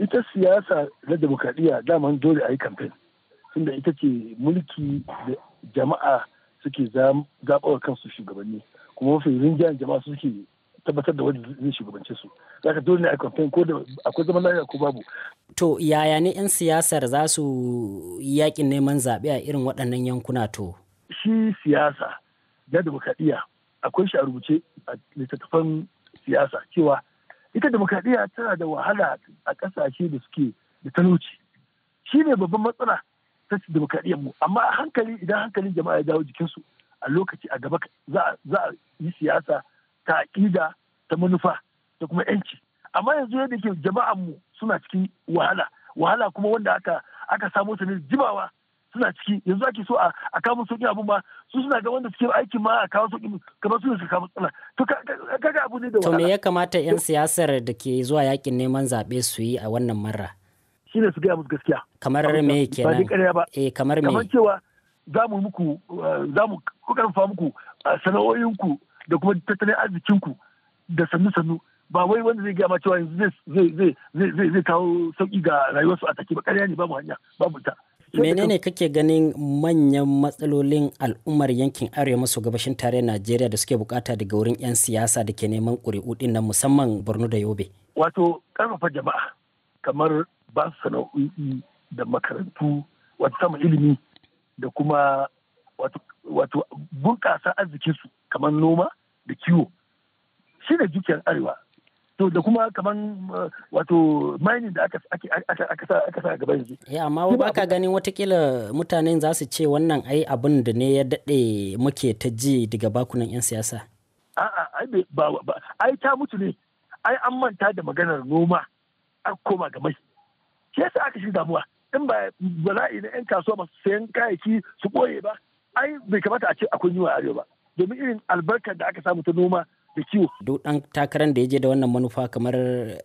ita siyasa na demokradiyya daman dole a yi kamfen tunda ita ce mulki da jama'a suke zaɓawa kansu shugabanni kuma mafi rinjiyar jama'a suke tabbatar da wani zai shugabance su ka dole ne a kamfen ko da akwai zaman lafiya ko babu to yaya ne yan siyasar za su yaƙin neman zaɓe a irin waɗannan yankuna to shi siyasa na demokradiyya akwai shi a rubuce a littattafan siyasa cewa ita demokradiyya tana da wahala a kasashe da suke da talauci shi ne babban matsala ta demokradiyyar mu amma hankali idan hankalin jama'a ya dawo jikinsu a lokaci a gaba za a yi siyasa ta aƙida ta manufa da kuma yanci amma yanzu yadda ke jama'an mu suna cikin wahala wahala kuma wanda aka aka samo ta ne jibawa suna ciki yanzu ake so a kawo sauƙin abun ba su suna ga wanda suke aikin ma a kawo sauƙin kamar su suka kawo matsala to kaga abu ne da wahala. to me ya kamata 'yan siyasar da ke zuwa yakin neman zaɓe su yi a wannan mara. shi ne su gaya musu gaskiya. kamar me nan eh kamar me. kamar cewa za mu muku eh, za mu karfafa muku eh, sana'o'inku da kuma tattalin arzikinku da sannu-sannu ba wai wanda zai gama cewa yanzu zai kawo sauki ga rayuwarsu a take ba ƙarya ne babu hanya babu ta. menene kake ganin manyan matsalolin al'ummar yankin arewa maso gabashin tarayyar najeriya da suke bukata daga wurin 'yan siyasa da ke neman kuri'u din nan musamman borno da yobe wato karfafa jama'a kamar ba su sana'o'i da makarantu wato sama ilimi da kuma wato bunƙasa arzikinsu kamar noma da kiwo shi ne dukiyar arewa to da kuma kaman uh, wato mining da aka sa aka sa gaba yanzu eh amma ba ka ganin watakila mutanen za su ce wannan ai abin da ne ya dade muke ta ji daga bakunan yan siyasa a'a ai ba ai ta mutu ne ai an manta da maganar noma an koma ga mai ke sa aka shiga damuwa in ba bala'i na yan kasuwa masu sayan kayayyaki su boye ba ai bai kamata a ce akwai yiwa arewa ba domin irin albarkar da aka samu ta noma da kiwo. Duk ɗan takarar da ya je da wannan manufa kamar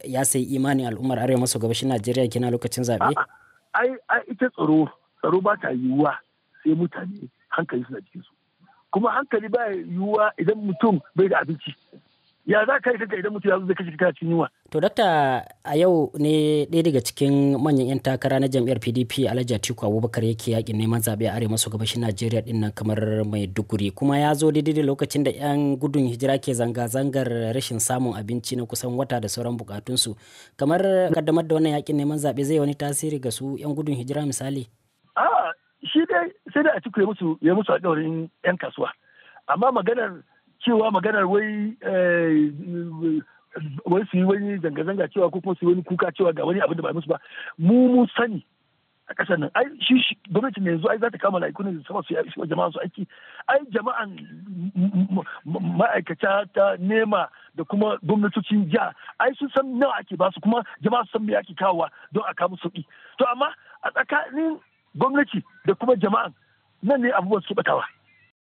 ya sayi imanin al'ummar arewa maso gabashin Najeriya kina lokacin zaɓe? Ai, ai ita tsaro, tsaro ba ta yiwuwa sai mutane hankali suna su Kuma hankali ba yiwuwa idan mutum bai da abinci. ya za ka yi kanka idan mutum ya zo zai kashe ka cin yunwa. To dakta a yau ne ɗaya daga cikin manyan 'yan takara na jam'iyyar PDP Alhaji Atiku Abubakar yake yakin neman zaɓe a arewa maso gabashin Najeriya din nan kamar duguri kuma ya zo daidai da lokacin da 'yan gudun hijira ke zanga-zangar rashin samun abinci na kusan wata da sauran bukatunsu kamar kaddamar da wannan yakin neman zaɓe zai wani tasiri ga su 'yan gudun hijira misali. A shi dai sai dai Atiku ya musu ya musu alƙawarin 'yan kasuwa amma maganar cewa maganar wai eh, wai su yi wani zanga-zanga cewa ko kuma su yi wani kuka cewa ga wani abin da ba musu ba mu mu sani a ƙasar nan ai shi gwamnati ne yanzu ai za ta kama laikunan da sama su yi wa jama'a su aiki ai jama'an ma'aikata ta nema da kuma gwamnatocin ja ai sun san nawa ake ba su kuma jama'a su san me ake kawowa don a kama sauki to amma a tsakanin gwamnati da kuma jama'an nan ne abubuwan su batawa